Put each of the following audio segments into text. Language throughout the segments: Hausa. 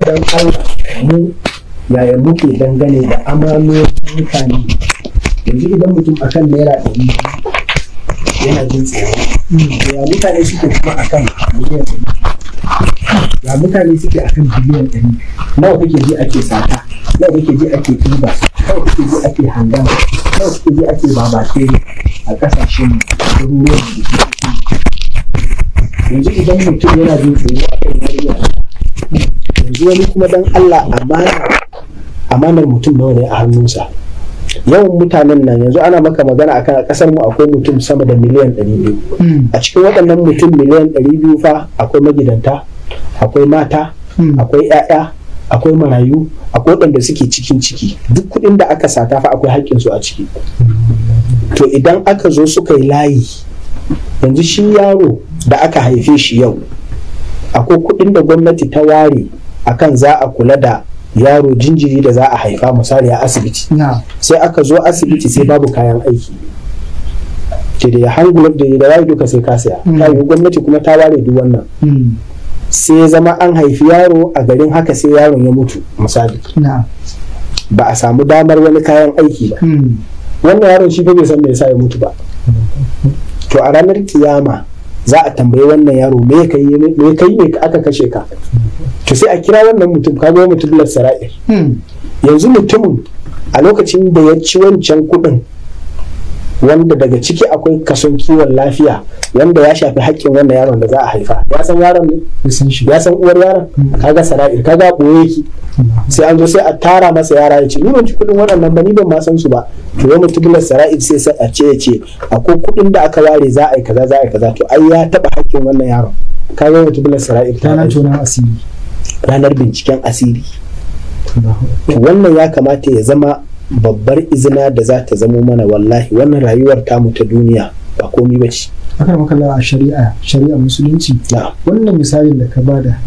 don Allah mu yaya muke dangane da amalolin mutane yanzu idan mutum akan naira ɗari yana jin tsoro ya mutane suke kuma akan miliyan ɗari ya mutane suke akan biliyan ɗari nawa kuke ji ake sata nawa kuke ji ake tuba nawa kuke ji ake hanga nawa kuke ji ake babate a ƙasashen ruwan da yanzu idan mutum yana jin tsoro akan miliyan ɗari yanzu wani kuma dan Allah amanar mutum nawa ne a hannunsa yawan mutanen nan yanzu ana maka magana akan a kasar mu akwai mutum sama da miliyan 200 hmm. a cikin waɗannan mutum miliyan 200 fa akwai magidanta akwai mata hmm. akwai 'ya'ya akwai marayu akwai waɗanda suke cikin ciki duk kuɗin da aka sata fa akwai su a ciki to idan aka zo suka yi layi yanzu shi yaro da aka haife shi yau akwai kuɗin da gwamnati ta ware akan za a kula da yaro jinjiri da za a haifa misali a asibiti sai aka zo asibiti sai babu kayan aiki ke da hangular da da wayo duka sai ka saya hmm. ta yi gwamnati kuma ta ware duk wannan hmm. sai zama an haifi yaro a garin haka sai yaron ya mutu misali ba a samu damar wani kayan aiki ba hmm. wannan yaron shi ba bai san me yasa ya mutu ba to a ranar kiyama za a tambayi wannan yaro me kai me kai ne aka kashe ka to sai a kira wannan mutum ka ga mutum lasara'ir hmm. yanzu mutumin a lokacin da ya ci wancan kuɗin wanda daga ciki akwai kason kiwon lafiya wanda ya shafi haƙƙin wannan yaron da za a haifa ya san yaron ne ya san uwar yaron hmm. kaga sara'ir kaga boye ki hmm. sai an zo sai a tara masa yara ya ce ni ban ci kuɗin waɗannan ba ni ban ma san su ba to wani tubular sara'ir sai a ce ya ce akwai kuɗin da aka ware za a yi kaza za a yi kaza to ai ya taɓa haƙƙin wannan yaron ka ga wata bilar sara'ir ranar tunan asiri ranar binciken asiri wannan ya kamata ya zama babbar izina da za ta zamo mana wallahi wannan rayuwar tamu ta duniya ba komi ba ce akan makala a shari'a shari'a musulunci wannan misalin da ka bada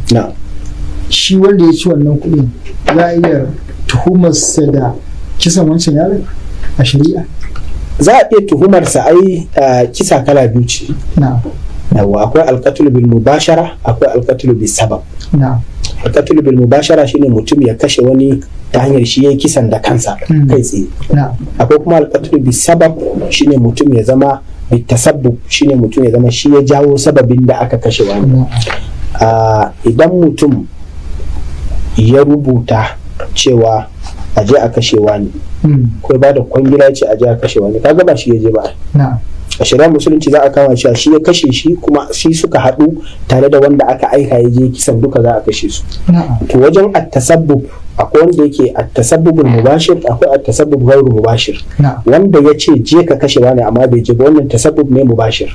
shi wanda ya ci wannan kuɗin za a iya tuhumarsa da kisan wancan yaron a shari'a za a iya tuhumarsa ai kisa kala biyu ce yawa akwai alkatul bil mubashara akwai alkatul bil sabab alkatul bil mubashara shine mutum ya kashe wani ta hanyar shi yayi kisan da kansa hmm. kai tsaye akwai kuma alkatul bil sabab shine mutum ya zama tasabbub shine mutum ya zama shi ya jawo sababin da aka kashe wani ah, idan mutum ya rubuta cewa a je a kashe wani hmm. ko ba da kwangila ce a a kashe wani kaga ba shi ya je ba a shari'ar musulunci za a kama shi shi ya kashe shi kuma shi suka haɗu tare da wanda aka aika ya je kisan duka za a kashe su to wajen at akwai wanda yake a tasabbubin hmm. mubashir akwai a tasabbub gairu mubashir wanda ya ce je ka kashe wani amma bai je ba wannan tasabbub ne mubashir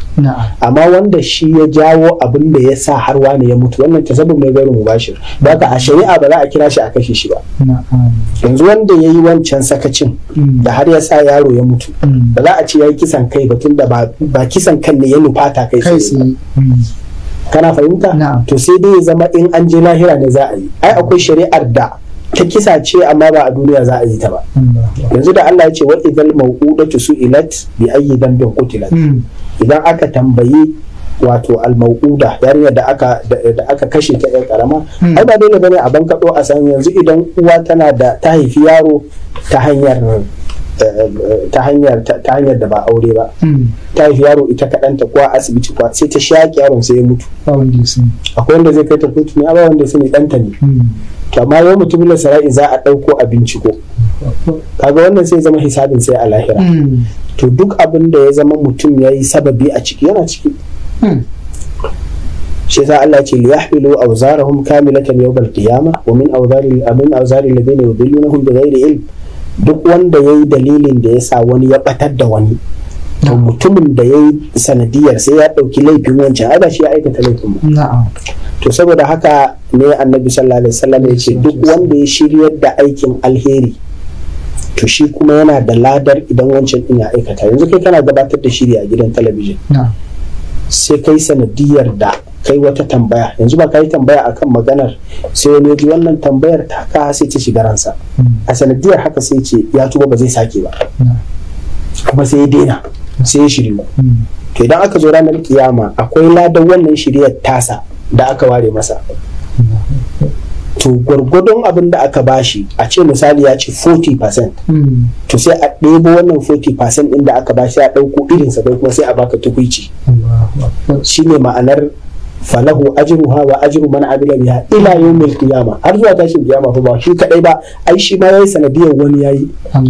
amma wanda shi ya jawo abin da ya sa har wani ya mutu wannan tasabbub ne gairu mubashir ka a shari'a ba za a kira shi a kashe shi ba yanzu wanda ya yi wancan sakacin hmm. da har ya sa yaro ya mutu hmm. ba za a ce ya yi kisan kai ba tun da ba kisan kan ne ya nufata kai sai kana fahimta to sai dai ya zama in an je lahira ne za a yi ai akwai shari'ar da ta kisa ce amma ba a duniya za a yi ta ba yanzu da Allah ya ce da idal su ilat bi dan bin kutilat hmm. idan aka tambayi wato almau'uda yarinyar da aka da aka kashe ta yar karama hmm. ai ba dole bane a bankaɗo a san yanzu idan uwa tana da ta haifi yaro ta hanyar eh, eh, ta hanyar ta hanyar da ba aure ba hmm. ta haifi yaro ita kaɗan ta a asibiti kuwa sai ta shaƙi yaron sai ya mutu akwai wanda zai kai ta kotu ne ba wanda sai ne ɗanta ne kama yau mutum da sara'i za a ɗauko a binciko kaga wannan sai zama hisabin sai a lahira hmm. to duk abin da ya zama mutum yayi sababi a ciki yana ciki hmm. shi yasa Allah ce liyahmilu awzarahum kamilatan yawmal qiyamah wa min awzari amin awzari alladhina yudillunahum bighayri ilm duk wanda yayi dalilin da yasa wani ya batar da wani to mutumin da ya yi sanadiyar sai ya ɗauki laifin wancan ai shi ya aikata laifin to saboda haka ne annabi sallallahu alaihi wasallam ya ce duk wanda ya shiryar da aikin alheri to shi kuma yana da ladar idan wancan ɗin ya aikata yanzu kai kana gabatar da shiri a gidan talabijin sai kai sanadiyar da kai wata tambaya yanzu ba kai tambaya akan maganar sai wani ji wannan tambayar ta ka sai ce shiga ransa hmm. a sanadiyar haka sai ce ya tuba ba zai sake ba kuma sai ya daina sai shiryu to idan aka zo ranar kiyama akwai ladan wannan shiryar tasa da aka ware masa to gwargwadon abin da aka bashi a ce misali ya ce 40% to sai a ɗebo wannan 40% ɗin da aka bashi a ɗauko irinsa ba kuma sai a baka tukwici shi ne ma'anar falahu ajruha wa Ajiru Mana amila biya ila mai kiyama har zuwa tashin kiyama fa ba shi kadai ba ai shi ma yayi sanadiyar wani yayi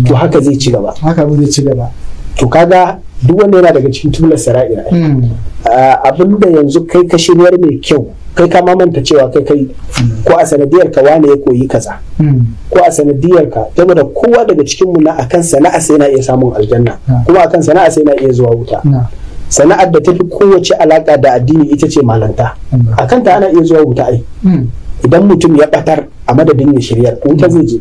to haka zai ci gaba haka zai ci gaba to kaga duk wanda yana daga cikin tula sara'ira hmm. da yanzu kai ka shiryar mai kyau kai ka mamanta cewa kai kai ko a sanadiyar ka wane ya koyi kaza hmm. ko a sanadiyar ka saboda kowa daga cikin mu na akan sana'a sai na iya samun aljanna hmm. kuma akan sana'a sai na iya zuwa wuta sana'ar da tafi kowace alaka da addini ita ce malanta akan ta ana iya zuwa wuta ai idan mutum ya batar a madadin ya shiryar wuta zai je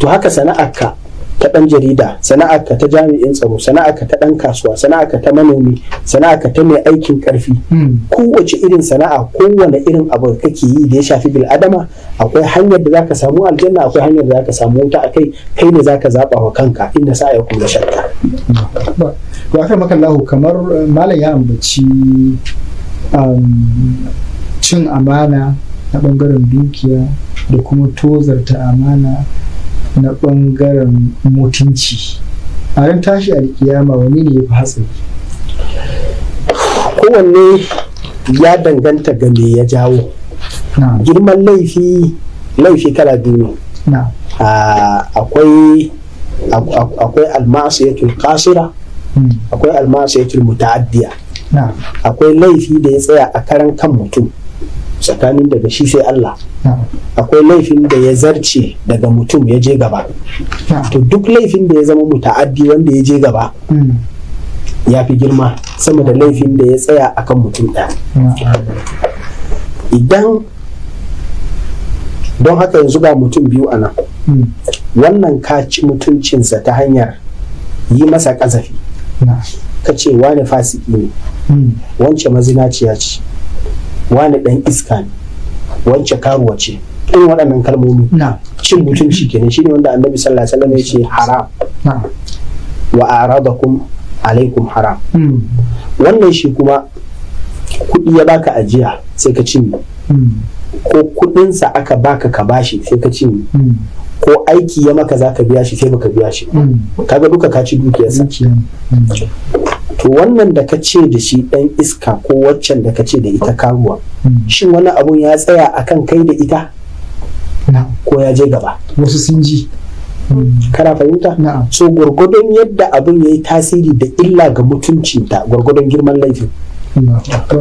to haka sana'ar ka ta ɗan jarida sana'a ka ta jami'in tsaro sana'a ka ta ɗan kasuwa sana'a ka ta manomi sana'a ka ta mai aikin karfi hmm. kowace irin sana'a kowane irin abu kake yi da ya shafi bil adama akwai hanyar da zaka samu aljanna akwai hanyar da ka samu wuta akai kai ne zaka zaba wa kanka inda sa ya kula shakka ba kai maka lahu kamar eh, malam ya ambaci um, cin amana na bangaren dukiya da kuma tozarta amana na ɓangaren mutunci a ran tashi alkiyama wani ne ya fi hatsari kowanne ya danganta ga me ya jawo girman laifi laifi kala biyu ne akwai almasu ya kasira akwai almasu ya hmm. mutaaddiya akwai laifi da ya tsaya a karan kan mutum tsakanin daga shi sai Allah akwai laifin da ya zarce daga mutum ya je gaba to duk laifin da ya zama muta'addi wanda ya je gaba hmm. ya fi girma sama da laifin da ya tsaya akan mutum ɗaya idan don haka yanzu ga mutum biyu a nan hmm. wannan ka ci mutuncinsa ta hanyar yi masa ƙazafi ka ce wani fasiki ne hmm. wance mazinaciya ce wani dan iska ne wance karuwa ce irin waɗannan kalmomi cin mutunci kenan ne wanda annabi sallallahu alaihi wasallam ya ce haram wa aradakum alaikum haram hmm. wannan shi kuma kuɗi ya baka ajiya sai ka cinye hmm. ko kuɗinsa aka baka ka bashi sai ka cinye hmm. ko aiki ya maka zaka biya shi sai baka biya shi kaga duka ka ci dukiyarsa to wannan da ka ce da shi ɗan iska ko waccan da ka ce da ita karuwa shin wani abun ya tsaya a kan kai da ita ko ya je gaba wasu sun ji kana fahimta so gwargwadon yadda abun ya yi tasiri da illa ga mutuncinta gwargwadon girman laifin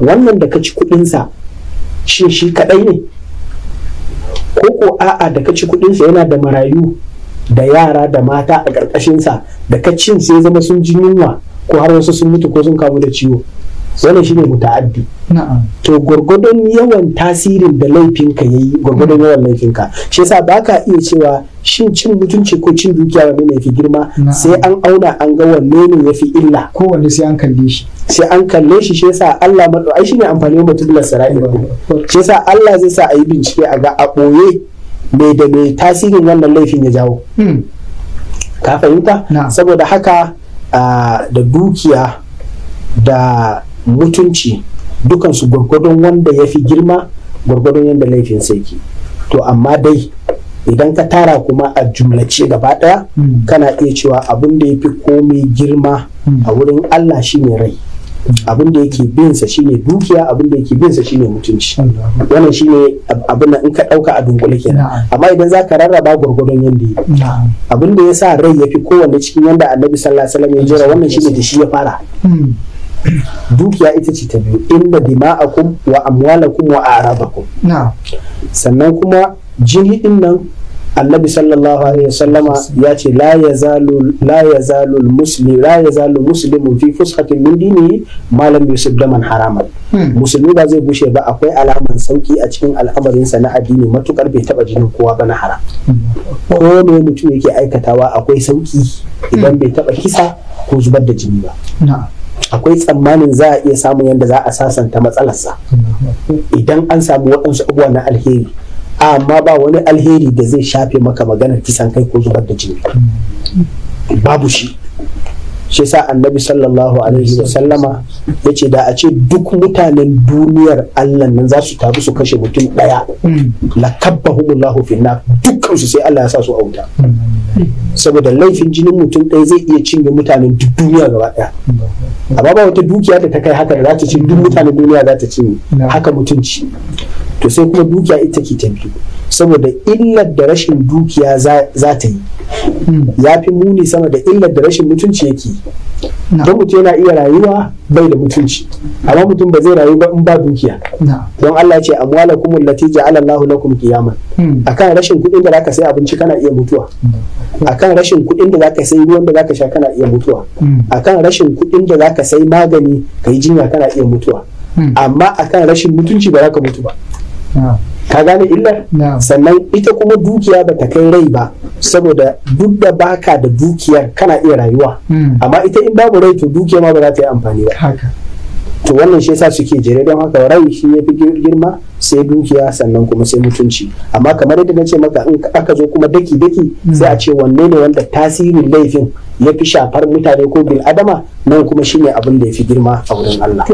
wannan da ka ci kuɗinsa shi shi kaɗai ne ko ko a'a da ka ci kuɗinsa yana da marayu da yara da mata a ƙarƙashinsa da ka cin sai zama sun ji yunwa ko har wasu sun mutu ko sun kamu da ciwo wannan shine muta'addi to gwargwadon yawan tasirin da laifinka ya yi gwargwadon yawan laifinka shi yasa baka iya cewa shin cin mutunci ko cin dukiya wanne ne fi girma sai an auna an ga wanne ne ya fi illa kowanne sai an kalle shi sai an kalle shi shi yasa Allah maɗau ai shine amfani wa mutum da sarai shi yasa Allah zai sa a yi bincike a ga a boye me da me tasirin wannan laifin ya jawo hmm. ka fahimta saboda haka da dukiya da mutunci dukansu gwargwadon wanda ya fi girma gwargwadon yadda laifin yake to amma dai idan ka tara kuma a jumlace gaba daya hmm. kana iya cewa abin da ya fi komai girma hmm. a wurin allah shi shine rai abin da yake bin sa shine dukiya abin da yake bin sa shine mutunci wannan shine abin da in ka dauka a dungule ke amma idan zaka rarraba gurgurdon yanda yake abin da yasa rai yafi kowanne cikin yanda Annabi sallallahu alaihi wasallam ya jira wannan shine da shi ya fara hmm. dukiya ita ce ta biyu inda dima'akum wa amwalakum wa arabakum sannan kuma jini din nan annabi sallallahu alaihi wasallama ya ce la yazalu la yazalu muslim la yazalu muslimun fi fushatin min malam yusuf da man haraman hmm. musulmi ba zai bushe ba akwai alaman sauki a cikin al'amarinsa na addini matukar bai taba jinin kowa ba na haram hmm. ko ne mutum yake aikatawa akwai sauki idan hmm. bai taba kisa ko zubar da jini ba akwai tsammanin za a iya samun yadda za a sasanta matsalarsa idan an samu waɗansu abubuwa na alheri amma ba wani alheri da zai shafe maka maganar kisan kai ko zubar da jini babu shi shi sa annabi sallallahu alaihi wa sallama ya ce da a ce duk mutanen duniyar allah nan za su taru su kashe mutum ɗaya la kabbahumullahu finna dukkan su sai allah ya sa su a wuta saboda laifin jinin mutum ɗaya zai iya cinye mutanen duk duniya gaba ɗaya amma ba wata dukiya da ta kai haka da za ta ci duk mutanen duniya za ta cinye haka mutunci to sai kuma dukiya ita ke ta biyu saboda illar da rashin dukiya za ta yi ya fi muni sama da illar da rashin mutunci yake don mutum yana iya rayuwa bai da mutunci amma mutum ba zai rayu ba in ba dukiya don Allah ce amwala kumul lati ja'ala Allahu lakum qiyaman hmm. akan rashin kuɗin da zaka sai abinci kana iya mutuwa akan rashin kuɗin da zaka sai ruwan da zaka sha kana iya mutuwa hmm. akan rashin kuɗin da zaka sai magani kai jinya kana iya mutuwa hmm. amma akan rashin mutunci ba zaka mutu ba ka gane illar sannan ita kuma dukiya ba ta kai rai ba saboda duk da baka da dukiyar kana iya rayuwa hmm. amma ita in babu rai to dukiya ma ba za ta yi amfani ba to wannan shi yasa suke jere don haka rai shi ya fi girma sai dukiya sannan kuma sai mutunci amma kamar yadda na ce maka in aka zo kuma daki daki hmm. sai a ce wanne ne wanda tasirin laifin ya fi shafar mutane ko bil adama nan kuma shine abin da ya fi girma a wurin Allah